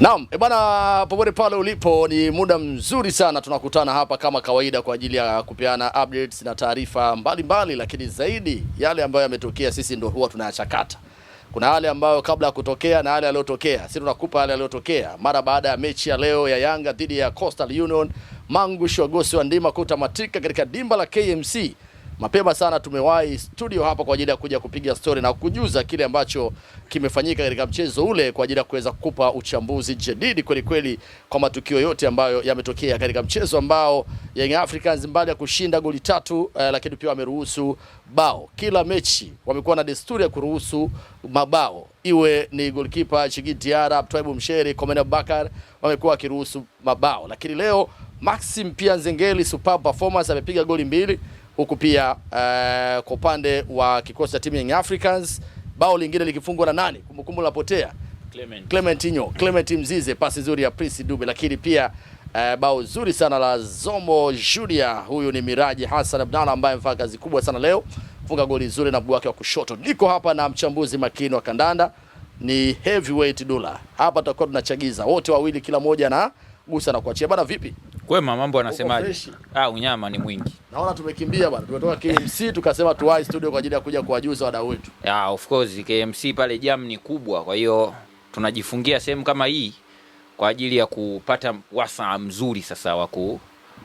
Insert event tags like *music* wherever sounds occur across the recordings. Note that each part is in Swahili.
Naam, e bwana, popote pale ulipo, ni muda mzuri sana tunakutana hapa kama kawaida kwa ajili ya kupeana updates na taarifa mbalimbali, lakini zaidi yale ambayo yametokea, sisi ndio huwa tunayachakata. Kuna yale ambayo kabla ya kutokea na yale yaliyotokea, sisi tunakupa yale yaliyotokea mara baada ya mechi ya leo ya Yanga dhidi ya Coastal Union. Mangu Shogosi wa ndima kutamatika katika dimba la KMC. Mapema sana tumewahi studio hapa kwa ajili ya kuja kupiga story na kujuza kile ambacho kimefanyika katika mchezo ule kwa ajili ya kuweza kukupa uchambuzi jadidi kweli kweli kwa matukio yote ambayo yametokea katika mchezo ambao Young Africans mbali ya kushinda goli tatu eh, lakini pia wameruhusu bao. Kila mechi wamekuwa na desturi ya kuruhusu mabao, iwe ni goalkeeper Chigi Diarra, Twaibu Msheri, Komena Bakar wamekuwa wakiruhusu mabao, lakini leo Maxim pia Nzengeli, superb performance, amepiga goli mbili huku pia uh, kwa upande wa kikosi cha timu ya Africans bao lingine likifungwa na nani? Kumbukumbu lapotea Clement, Clementinho Clement Mzize, pasi nzuri ya Prince Dube, lakini pia uh, bao zuri sana la Zomo Julia. Huyu ni Miraji Hassan Abdalla ambaye amefanya kazi kubwa sana leo kufunga goli zuri na mguu wake wa kushoto. Niko hapa na mchambuzi makini wa kandanda ni Heavyweight Dula. Hapa tutakuwa tunachagiza wote wawili, kila mmoja na gusa na kuachia bana. Vipi? Kwema mambo anasemaje? Ah, unyama ni mwingi. Naona tumekimbia bwana. Tumetoka KMC tukasema tuwai studio kwa ajili ya kuja kuwajuza wadau wetu. Ah, of course KMC pale jam ni kubwa, kwa hiyo tunajifungia sehemu kama hii kwa ajili ya kupata wasaa mzuri sasa wa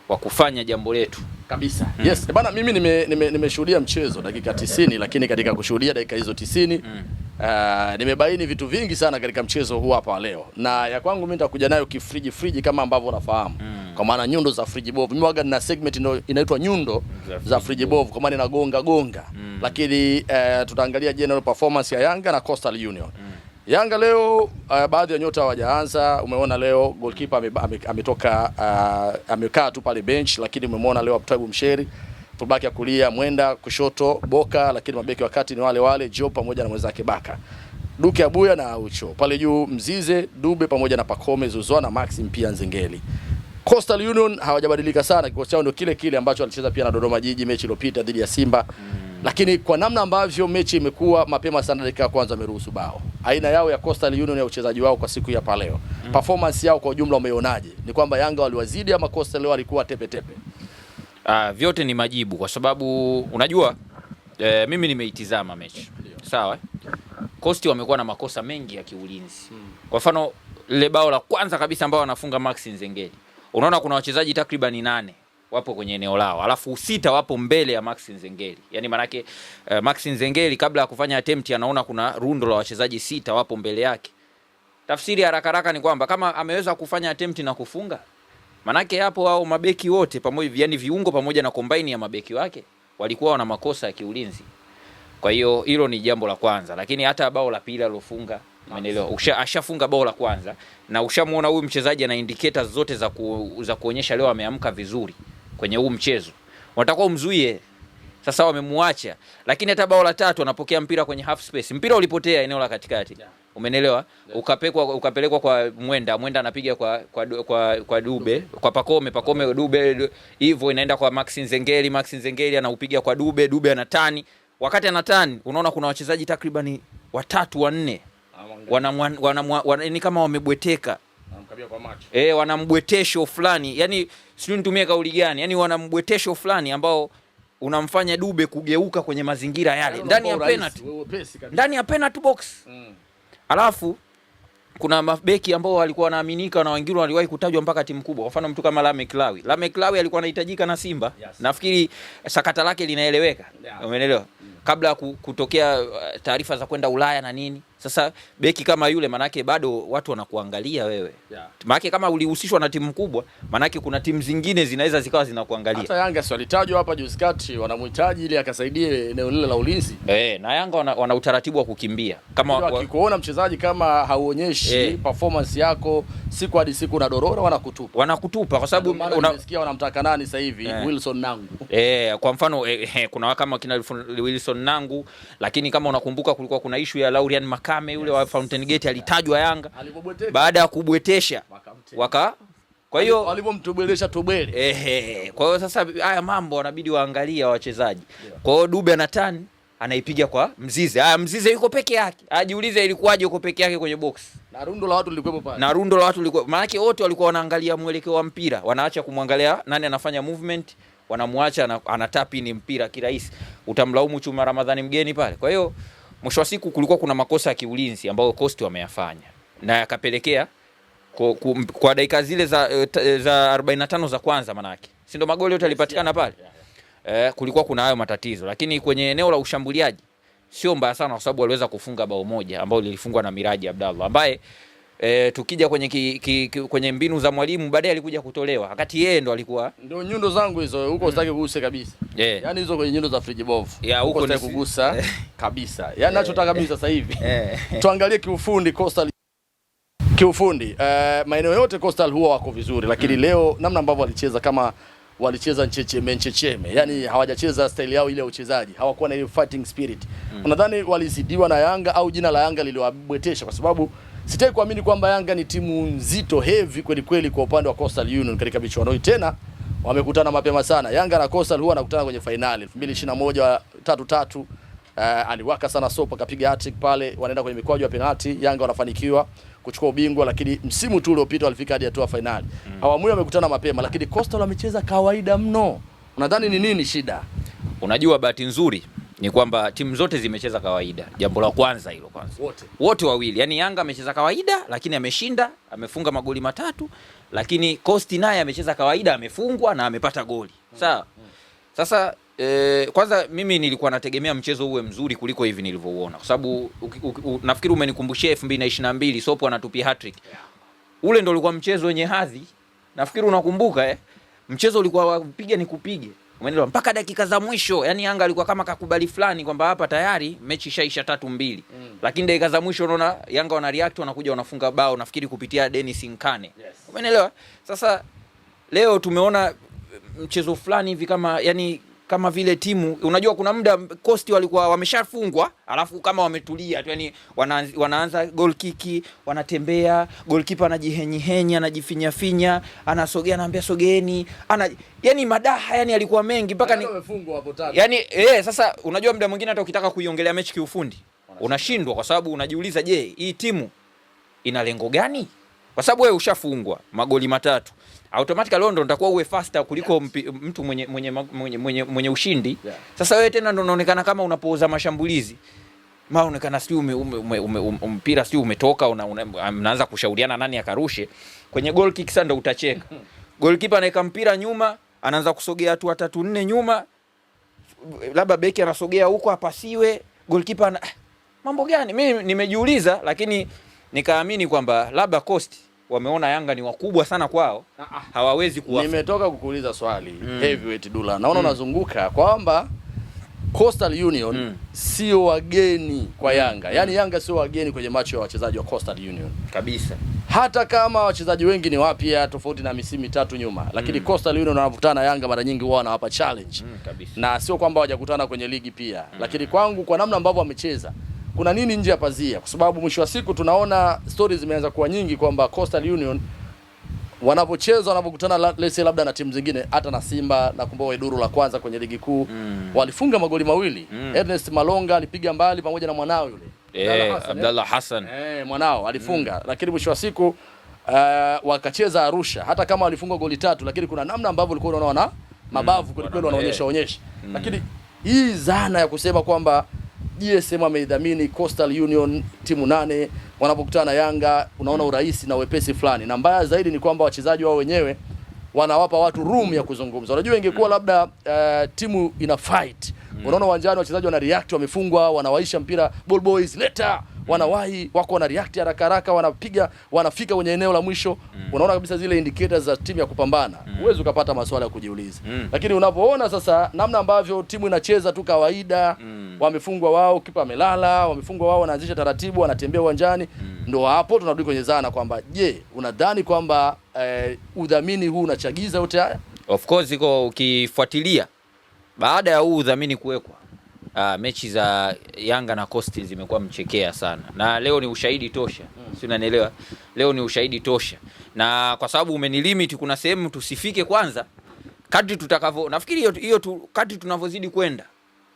wa kufanya jambo letu kabisa. Mm. Yes, eh, bwana mimi nimeshuhudia nime, nime mchezo dakika 90 lakini katika kushuhudia dakika hizo 90 mm. Uh, nimebaini vitu vingi sana katika mchezo huu hapa leo, na ya kwangu mimi nitakuja nayo kifriji friji kama ambavyo unafahamu mm kwa maana nyundo za friji bovu. Mimi waga na segment ndio inaitwa nyundo za friji bovu, kwa maana inagonga gonga mm. Lakini eh, tutaangalia general performance ya Yanga na Coastal Union mm. Yanga leo uh, baadhi ya nyota hawajaanza. Umeona leo goalkeeper ametoka uh, amekaa tu pale bench, lakini umemwona leo Abtabu Msheri fullback ya kulia Mwenda, kushoto Boka, lakini mabeki wa kati ni wale wale Job pamoja na mwenzake Baka Duke Abuya na Aucho pale juu, Mzize Dube pamoja na Pakome Zuzwa na Maxim pia Nzengeli. Coastal Union hawajabadilika sana, kikosi chao ndio kile kile ambacho alicheza pia na Dodoma Jiji mechi iliyopita dhidi ya Simba mm. Lakini kwa namna ambavyo mechi imekuwa mapema sana, dakika ya kwanza wameruhusu bao. Aina yao ya Coastal Union ya uchezaji wao kwa siku ya paleo mm. performance yao kwa ujumla umeionaje? Ni kwamba Yanga waliwazidi ama Coastal leo walikuwa tepe tepe? Ah, vyote ni majibu kwa sababu unajua eh, mimi nimeitizama mechi sawa. Eh? Coastal wamekuwa na makosa mengi ya kiulinzi mm. Kwa mfano lile bao la kwanza kabisa ambao wanafunga Max Nzengeli unaona kuna wachezaji takribani nane wapo kwenye eneo lao, alafu sita wapo mbele ya Maxi Nzengeli. Yani manake uh, Maxi Nzengeli kabla ya kufanya attempt anaona kuna rundo la wachezaji sita wapo mbele yake. Tafsiri haraka haraka ni kwamba kama ameweza kufanya attempt na kufunga, manake hapo hao mabeki wote pamoja, yani viungo pamoja na kombaini ya mabeki wake walikuwa wana makosa ya kiulinzi. Kwa hiyo hilo ni jambo la kwanza, lakini hata bao la pili alofunga Umeelewa? Usha ashafunga bao la kwanza na ushamuona huyu mchezaji ana indicators zote za, ku, za kuonyesha leo ameamka vizuri kwenye huu mchezo. Watakuwa umzuie. Sasa wamemuacha. Lakini hata bao la tatu anapokea mpira kwenye half space. Mpira ulipotea eneo la katikati. Umenelewa? Ukapekwa ukapelekwa kwa Mwenda, Mwenda anapiga kwa kwa, kwa kwa Dube, kwa Pakome, Pakome Dube hivyo inaenda kwa Maxi Nzengeli, Maxi Nzengeli anaupiga kwa Dube, Dube anatani. Wakati anatani, unaona kuna wachezaji takribani watatu wanne wanamwan, ni kama wamebweteka e, eh, wanambwetesho fulani yani, sijui nitumie kauli gani, yani wanambwetesho fulani ambao unamfanya Dube kugeuka kwenye mazingira yale yaani ndani ya penalty, ndani ya penalty box mm. Alafu kuna mabeki ambao walikuwa wanaaminika na wengine waliwahi kutajwa mpaka timu kubwa, kwa mfano mtu kama Lame Klawi Lame Klawi alikuwa anahitajika na Simba yes. Nafikiri sakata lake linaeleweka yeah. Umeelewa mm. Kabla ya kutokea uh, taarifa za kwenda Ulaya na nini sasa beki kama yule manake bado watu wanakuangalia wewe. Yeah. Manake kama ulihusishwa na timu kubwa, manake kuna timu zingine zinaweza zikawa zinakuangalia. Hata Yanga si walitajwa hapa juzi kati wanamhitaji ili akasaidie eneo lile la ulinzi. Eh, na Yanga wana, wana utaratibu wa kukimbia. Kama wakikuona mchezaji kama hauonyeshi e, performance yako siku hadi siku na dorora wanakutupa. Wanakutupa kwa sababu unasikia wanamtaka nani sasa hivi e, Wilson Nangu. Eh, kwa mfano e, e, kuna kama kina Wilson Nangu, lakini kama unakumbuka kulikuwa kuna issue ya Laurian Mac Kame yule yes. wa Fountain Gate alitajwa Yanga baada ya kubwetesha waka kwa hiyo walivyomtobelesha tobele. Ehe, kwa hiyo sasa haya mambo wanabidi waangalie wachezaji. Kwa hiyo Dube na Tani anaipiga kwa Mzize. Haya, Mzize yuko peke yake, ajiulize ilikuwaje yuko peke yake kwenye box na rundo la watu lilikuwepo pale, na rundo la watu lilikuwa, Maana yake wote walikuwa wanaangalia mwelekeo wa mpira, wanaacha kumwangalia nani anafanya movement, wanamwacha anatapi ni mpira kirahisi. Utamlaumu Chuma Ramadhani mgeni pale, kwa hiyo Mwisho wa siku kulikuwa kuna makosa ya kiulinzi ambayo Coast wameyafanya na yakapelekea kwa, kwa dakika zile za, eh, eh, za 45 za kwanza manake, si ndo magoli yote yalipatikana pale eh, kulikuwa kuna hayo matatizo, lakini kwenye eneo la ushambuliaji sio mbaya sana, kwa sababu waliweza kufunga bao moja ambao lilifungwa na Miraji Abdallah ambaye E, tukija kwenye, ki, ki, ki, kwenye mbinu za mwalimu baadaye alikuja kutolewa wakati yeye ndo alikuwa ndio nyundo zangu hizo huko, sitaki kuguse kabisa yeah. Yani hizo kwenye nyundo za fridge friji bovu huko sitaki kugusa *laughs* eh. kabisa yani yeah. nachotaka mimi sasa hivi *laughs* eh. tuangalie kiufundi Coastal kiufundi uh, maeneo yote Coastal huwa wako vizuri lakini mm. leo namna ambavyo walicheza kama walicheza nchecheme nchecheme, yani hawajacheza style yao ile ya uchezaji, hawakuwa na ile fighting spirit mm. Unadhani walizidiwa na Yanga au jina la Yanga liliwabwetesha? Kwa sababu Sitaki kuamini kwamba Yanga ni timu nzito heavy kweli kweli kwa upande wa Coastal Union katika michuano hii tena wamekutana mapema sana. Yanga na Coastal huwa anakutana kwenye fainali 2021 tatu tatu. Uh, aliwaka sana sopa kapiga hattrick pale, wanaenda kwenye mikwaju ya penalti, Yanga wanafanikiwa kuchukua ubingwa, lakini msimu tu uliopita walifika hadi hatua fainali. Mm. Awamu wamekutana mapema, lakini Coastal wamecheza kawaida mno. Unadhani ni nini shida? Unajua bahati nzuri ni kwamba timu zote zimecheza kawaida. Jambo la kwanza hilo kwanza, wote wote wawili, yani Yanga amecheza kawaida, lakini ameshinda, amefunga magoli matatu, lakini Kosti naye amecheza kawaida, amefungwa na amepata goli sawa. Sasa e, kwanza mimi nilikuwa nategemea mchezo uwe mzuri kuliko hivi nilivyouona, kwa sababu nafikiri umenikumbushia 2022 Sopo anatupia hattrick. Ule ndo ulikuwa mchezo wenye hadhi, nafikiri unakumbuka eh? Mchezo ulikuwa wapiga ni kupige Umeelewa? Mpaka dakika za mwisho, yani Yanga alikuwa kama kakubali fulani kwamba hapa tayari mechi ishaisha tatu mbili. Mm. Lakini dakika za mwisho unaona Yanga wana react wanakuja wanafunga bao nafikiri kupitia Dennis Nkane. Yes. Umeelewa? Sasa leo tumeona mchezo fulani hivi kama yani kama vile timu unajua, kuna muda Coast walikuwa wameshafungwa, alafu kama wametulia tu, yani wanaanza goal kiki, wanatembea goalkeeper anajihenyihenya, anajifinyafinya, anasogea, anaambia sogeeni, ana yani madaha yani alikuwa mengi mpaka yaani ni yani eh. Sasa unajua, muda mwingine hata ukitaka kuiongelea mechi kiufundi unashindwa, kwa sababu unajiuliza, je, hii timu ina lengo gani? Kwa sababu wewe ushafungwa magoli matatu automatically wewe ndo utakuwa uwe faster kuliko yes. mtu mwenye, mwenye, mwenye, mwenye, mwenye ushindi yeah. Sasa wewe tena ndo unaonekana kama unapooza mashambulizi maonekana sijui ume, ume, ume, mpira sijui umetoka una, una, una, kushauriana nani akarushe kwenye goal kick. Sasa ndo utacheka goalkeeper anaweka mpira nyuma, anaanza kusogea hatua tatu nne nyuma, labda beki anasogea huko apasiwe, goalkeeper ana ah, mambo gani? Mimi nimejiuliza, lakini nikaamini kwamba labda kosti wameona Yanga ni wakubwa sana kwao, ah, ah. hawawezi kuwa. Nimetoka kukuuliza swali mm. Heavyweight Dula, naona mm. unazunguka mm. kwamba Coastal Union mm. sio wageni kwa mm. Yanga, yaani Yanga sio wageni kwenye macho ya wachezaji wa Coastal Union kabisa, hata kama wachezaji wengi ni wapya tofauti na misimu mitatu nyuma, lakini mm. Coastal Union wanavutana Yanga mara nyingi huwa wanawapa challenge mm, na sio kwamba hawajakutana kwenye ligi pia mm. lakini kwangu, kwa namna ambavyo wamecheza kuna nini nje ya pazia, kwa sababu mwisho wa siku tunaona stories zimeanza kuwa nyingi kwamba Coastal Union wanapocheza wanapokutana lese labda na timu zingine hata na Simba nakumbuka duru la kwanza kwenye ligi kuu mm. walifunga magoli mawili mm. Ernest Malonga alipiga mbali pamoja na mwanao yule eh, Abdallah Hassan eh, eh mwanao alifunga mm. lakini mwisho wa siku uh, wakacheza Arusha hata kama walifunga goli tatu, lakini kuna namna ambavyo ulikuwa unaona mabavu mm. kweli wanaonyesha onyesha mm. lakini hii zana ya kusema kwamba GSM e ameidhamini Coastal Union timu nane wanapokutana na Yanga, unaona mm. urahisi na wepesi fulani, na mbaya zaidi ni kwamba wachezaji wao wenyewe wanawapa watu room ya kuzungumza. Unajua, ingekuwa mm. labda uh, timu ina fight, mm. unaona uwanjani wachezaji wana react, wamefungwa, wanawaisha mpira ball boys, leta Mm. wanawahi, wako wana react haraka haraka, wanapiga, wanafika kwenye eneo la mwisho mm. Unaona kabisa zile indicators za timu ya kupambana mm. Uwezi ukapata maswala ya kujiuliza mm. Lakini unapoona sasa namna ambavyo timu inacheza tu kawaida mm. Wamefungwa wao, kipa amelala, wamefungwa wao, wanaanzisha taratibu, wanatembea uwanjani mm. Ndo hapo tunarudi kwenye zana kwamba je, unadhani kwamba eh, udhamini huu unachagiza yote haya? Of course iko ukifuatilia baada ya huu udhamini kuwekwa uh, mechi za Yanga na Coast zimekuwa mchekea sana, na leo ni ushahidi tosha mm. si unanielewa? Leo ni ushahidi tosha, na kwa sababu umenilimit, kuna sehemu tusifike kwanza, kadri tutakavyo, nafikiri hiyo hiyo tu, kadri tunavyozidi kwenda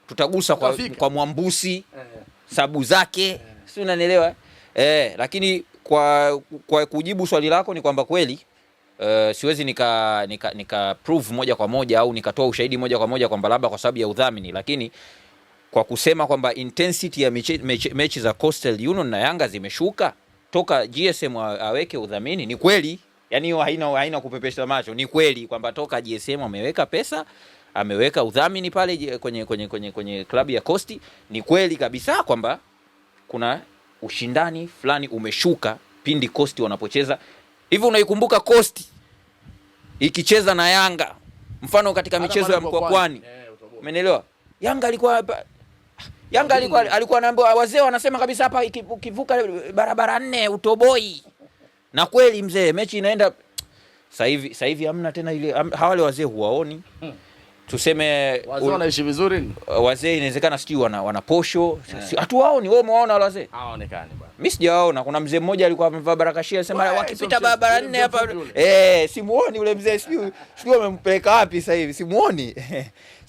tutagusa kwa, kwa Mwambusi eh, eh. sabu zake, eh. si unanielewa? Eh, lakini kwa, kwa kujibu swali lako ni kwamba kweli Uh, siwezi nika, nika, nika prove moja kwa moja au nikatoa ushahidi moja kwa moja kwamba labda kwa sababu ya udhamini, lakini kwa kusema kwamba intensity ya mechi, mechi, mechi za Coastal Union na Yanga zimeshuka toka GSM aweke udhamini, ni kweli yani hiyo haina, haina kupepesha macho, ni kweli kwamba toka GSM ameweka pesa ameweka udhamini pale kwenye, kwenye, kwenye, kwenye klabu ya Coast, ni kweli kabisa kwamba kuna ushindani fulani umeshuka pindi Coast wanapocheza hivi. Unaikumbuka Coast ikicheza na Yanga mfano katika michezo ya Mkwakwani, umenielewa? Yanga alikuwa Yanga alikuwa alikuwa anaambia wazee wanasema kabisa hapa ukivuka barabara nne utoboi. Na kweli mzee, mechi inaenda sasa hivi sasa hivi hamna tena ile hawale wazee huwaoni. Hmm. Tuseme wazee wanaishi vizuri? Wazee inawezekana sijui wana, wana posho. Eh. Hatuwaoni, yeah. Wewe umewaona wale wazee? Hawaonekani bwana mimi sijaona. Kuna mzee mmoja alikuwa amevaa barakashia sema wakipita barabara nne hapa eh, simuoni ule mzee, sijui sijui amempeleka wapi sasa hivi, simuoni. *laughs*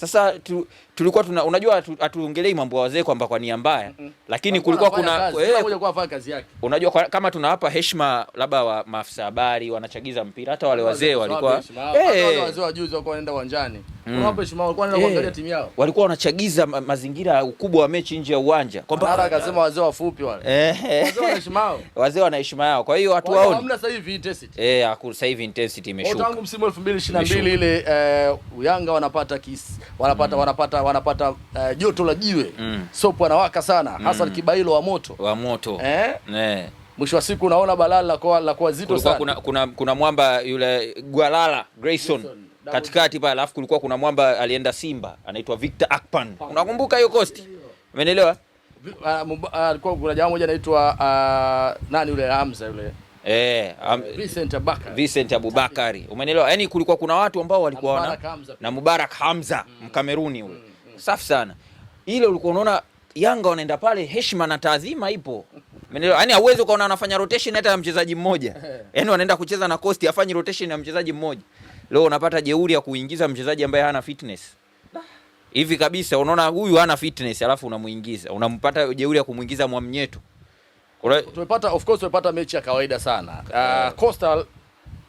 Sasa tu, tulikuwa tuna, unajua hatuongelei mambo ya wazee kwamba kwa nia mbaya mm -hmm. Lakini kulikuwa kuna eh, unajua kwa, kama tunawapa heshima labda wa maafisa habari wanachagiza mpira hata wale wazee walikuwa eh, wale wazee wa juzi walikuwa wanaenda uwanjani mm. heshima walikuwa eh. wanaenda kuangalia timu yao. Walikuwa wanachagiza mazingira ukubwa wa mechi nje ya uwanja kwamba akasema wazee wafupi wale eh, eh wazee wana heshima yao, kwa hiyo watu waone. Hamna sasa hivi intensity eh, sasa hivi intensity imeshuka tangu msimu 2022 ile uh, Yanga wanapata kis, wanapata mm. wanapata wanapata eh, joto uh, la jiwe mm. sopo anawaka sana hasa mm. kibailo wa moto wa moto eh, eh. Mwisho wa siku unaona balaa la kwa la kwa zito sana. Kuna, kuna, kuna mwamba yule Gwalala Grayson katikati pale, alafu kulikuwa kuna mwamba alienda Simba anaitwa Victor Akpan, unakumbuka hiyo kosti, umeelewa? Ah, ah, alikuwa kuna jamaa mmoja anaitwa uh, nani yule Hamza yule Eh, um, Vincent Abubakari. Vincent Abubakari. Umeelewa? Yaani kulikuwa kuna watu ambao walikuwa na na Mubarak Hamza mm. Mkameruni huyo. Mm, mm. Safi sana. Ile ulikuwa unaona Yanga wanaenda pale heshima na taadhima ipo. Umeelewa? Yaani hauwezi ukaona anafanya rotation hata ya mchezaji mmoja. *laughs* Yaani wanaenda kucheza na Costi afanye rotation ya mchezaji mmoja. Leo unapata jeuri ya kuingiza mchezaji ambaye hana fitness hivi kabisa, unaona huyu hana fitness, alafu unamuingiza, unampata jeuri ya kumuingiza Mwamnyeto. Tumepata of course, tumepata mechi ya kawaida sana uh, Coastal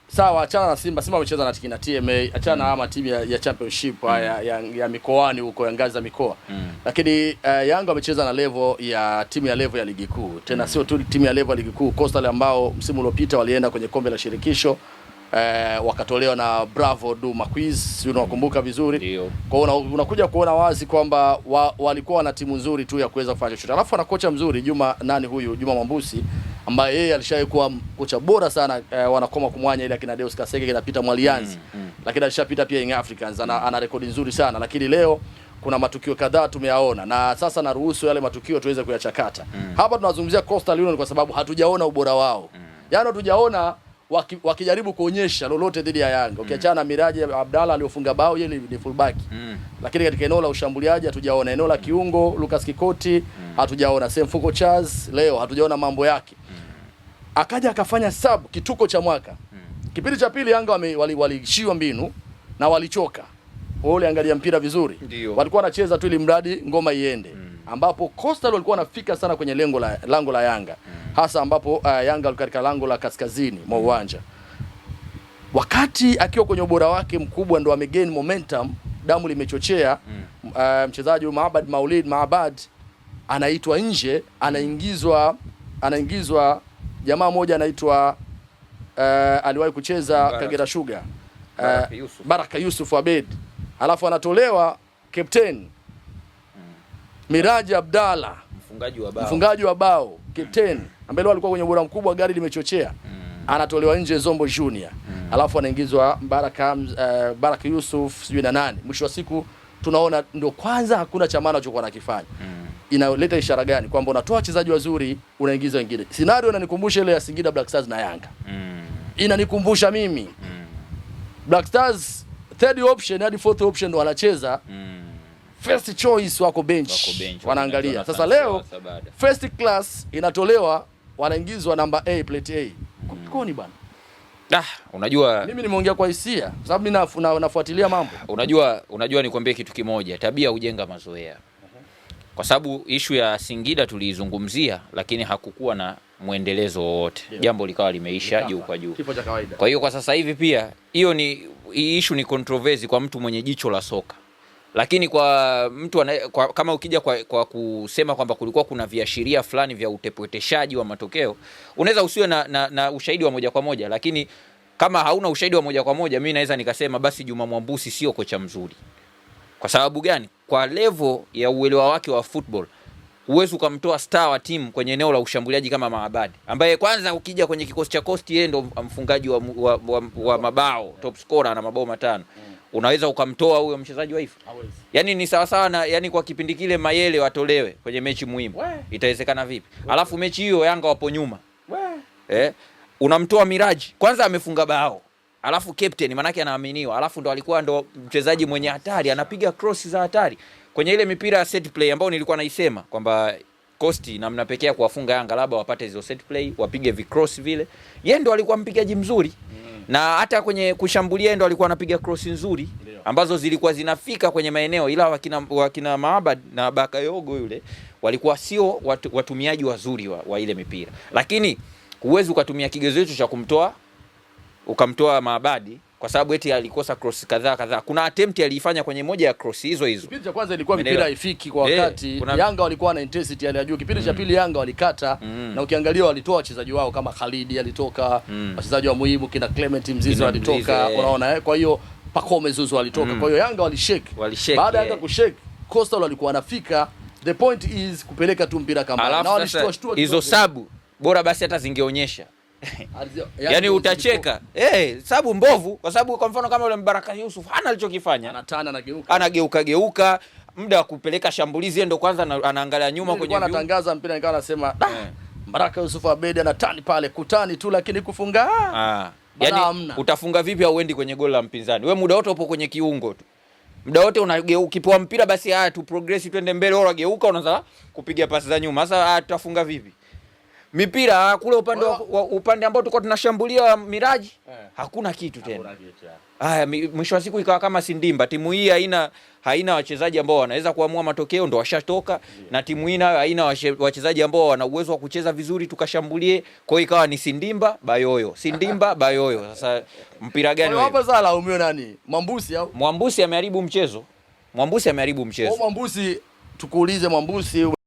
sawa, achana na Simba. Simba amecheza na tikina TMA, achana na mm. ama timu ya, ya championship mm. ya, ya, ya mikoani huko ya ngazi za mikoa mm. lakini uh, Yanga amecheza na level ya timu ya level ya ligi kuu tena mm. sio tu timu ya level ya ligi kuu Coastal ambao msimu uliopita walienda kwenye kombe la shirikisho eh, wakatolewa na Bravo Du Maquiz, unakumbuka vizuri. Kwa una, unakuja kuona wazi kwamba wa, walikuwa wana timu nzuri tu ya kuweza kufanya chochote, alafu ana kocha mzuri Juma nani huyu Juma Mwambusi ambaye yeye alishawahi kuwa kocha bora sana eh, wanakoma kumwanya ile akina Deus Kasege kina Peter Mwalianzi mm, mm. lakini alishapita pia Young Africans ana, ana rekodi nzuri sana lakini leo kuna matukio kadhaa tumeyaona na sasa naruhusu yale matukio tuweze kuyachakata mm. Hapa tunazungumzia Coastal Union kwa sababu hatujaona ubora wao mm. Yaani hatujaona waki, wakijaribu kuonyesha lolote dhidi ya Yanga ukiachana na mm. Miraji Abdalla aliyofunga bao yeye ni fullback mm. lakini katika eneo la ushambuliaji hatujaona, eneo la kiungo Lucas Kikoti mm. hatujaona, Semfuko Charles leo hatujaona mambo yake mm. akaja akafanya sub kituko cha mwaka mm. kipindi cha pili Yanga walishiwa wali mbinu na walichoka wao, waliangalia mpira vizuri, walikuwa wanacheza tu ili mradi ngoma iende mm ambapo Coastal walikuwa wanafika sana kwenye lengo la, lango la Yanga mm. hasa ambapo uh, Yanga katika lango la kaskazini mwa mm. uwanja wakati akiwa kwenye ubora wake mkubwa ndo amegain momentum, damu limechochea mm. Uh, mchezaji Maabad Maulid Maabad anaitwa nje, anaingizwa anaingizwa jamaa moja anaitwa uh, aliwahi kucheza Kagera Sugar uh, Baraka Yusuf Abed, alafu anatolewa captain Miraji Abdalla mfungaji wa bao, mfungaji wa bao Keten ambaye leo alikuwa kwenye ubora mkubwa, gari limechochea mm. anatolewa nje Zombo Junior mm. alafu anaingizwa Baraka uh, eh, Baraka Yusuf sijui na nani. Mwisho wa siku tunaona ndio kwanza hakuna chama anachokuwa nakifanya mm. inaleta ishara gani kwamba unatoa wachezaji wazuri unaingiza wengine. Scenario inanikumbusha ile ya Singida Black Stars na Yanga mm. inanikumbusha mimi mm. Black Stars third option hadi fourth option ndo wanacheza mm first choice wako bench, wako bench wanaangalia wana sasa. Leo first class inatolewa, wanaingizwa namba A plate A mm. bwana Ah, unajua mimi nimeongea kwa hisia kwa sababu mimi na, nafuatilia mambo. Unajua, unajua nikwambie kitu kimoja, tabia hujenga mazoea. Kwa sababu ishu ya Singida tuliizungumzia, lakini hakukuwa na mwendelezo wowote, jambo likawa limeisha juu kwa juu. Kwa hiyo kwa sasa hivi pia hiyo ni ishu ni controversy kwa mtu mwenye jicho la soka lakini kwa mtu wana, kwa, kama ukija kwa, kwa kusema kwamba kulikuwa kuna viashiria fulani vya utepeteshaji wa matokeo, unaweza usiwe na, na, na ushahidi wa moja kwa moja, lakini kama hauna ushahidi wa moja kwa moja, mimi naweza nikasema basi Juma Mwambusi sio kocha mzuri. Kwa sababu gani? Kwa levo ya uelewa wake wa football huwezi ukamtoa star wa timu kwenye eneo la ushambuliaji kama Maabadi ambaye kwanza ukija kwenye kikosi cha Coast yeye ndo mfungaji wa, wa, wa, wa mabao top scorer na mabao matano unaweza ukamtoa huyo mchezaji waifu? Yaani ni sawa sawa na yani, kwa kipindi kile Mayele watolewe kwenye mechi muhimu, itawezekana vipi? Alafu mechi hiyo Yanga wapo nyuma eh, unamtoa Miraji kwanza, amefunga bao alafu captain yake anaaminiwa, alafu ndo alikuwa ndo mchezaji mwenye hatari, anapiga cross za hatari kwenye ile mipira ya set play ambayo nilikuwa naisema kwamba Kosti namna pekee ya kuwafunga Yanga labda wapate hizo set play, wapige vicross vile. Yeye ndo alikuwa mpigaji mzuri. Mm. Na hata kwenye kushambulia yeye ndo alikuwa anapiga cross nzuri ambazo zilikuwa zinafika kwenye maeneo ila wakina, wakina Maabad na Bakayogo yule walikuwa sio watu, watumiaji wazuri wa, wa ile mipira. Lakini huwezi ukatumia kigezo hicho cha kumtoa ukamtoa Maabadi kwa sababu eti alikosa cross kadhaa kadhaa. Kuna attempt aliifanya kwenye moja ya cross hizo hizo. Kipindi cha kwanza ilikuwa mipira haifiki kwa eh, wakati. hey, Kuna... Yanga walikuwa na intensity ya juu. Kipindi cha mm. pili Yanga walikata mm. na ukiangalia walitoa wachezaji wao kama Khalidi alitoka, mm. wachezaji wa muhimu kina Clement Mzizi alitoka. Unaona eh? Kwa hiyo Pacome Zuzu alitoka. Mm. Kwa hiyo Yanga walishake. Walishake. Baada ya Yanga eh. kushake, Costa walikuwa wanafika. The point is kupeleka tu mpira kama na walishtua shtua. Hizo sabu bora basi hata zingeonyesha *laughs* yani yaani utacheka hey, eh, sababu mbovu kwa sababu kwa mfano kama yule Mbaraka Yusuf hana alichokifanya, anatana anageuka, anageuka geuka muda wa kupeleka shambulizi ndo kwanza anaangalia nyuma kwenye mpira, anatangaza mpira, nikawa nasema eh. Mbaraka Yusuf Abedi anatani pale kutani tu, lakini kufunga ah. ah. Yani, utafunga vipi au uendi kwenye goli la mpinzani? We muda wote upo kwenye kiungo tu, muda wote ukipewa mpira basi, haya tu progress, twende mbele, wao wageuka, unaanza kupiga pasi za nyuma. Sasa ah, tutafunga vipi? mipira kule upande wa, upande ambao tulikuwa tunashambulia miraji eh. hakuna kitu tena. Haya, mwisho wa siku ikawa kama sindimba. Timu hii haina haina wachezaji ambao wanaweza kuamua matokeo, ndo washatoka yeah. Na timu hii nayo haina wachezaji ambao wana uwezo wa kucheza vizuri tukashambulie. Kwa hiyo ikawa ni sindimba bayoyo, sindimba *laughs* bayoyo. Sasa mpira gani wewe hapa? Sala umeona nani, Mwambusi au Mwambusi? Ameharibu mchezo Mwambusi, ameharibu mchezo oh, Mwambusi. Tukuulize Mwambusi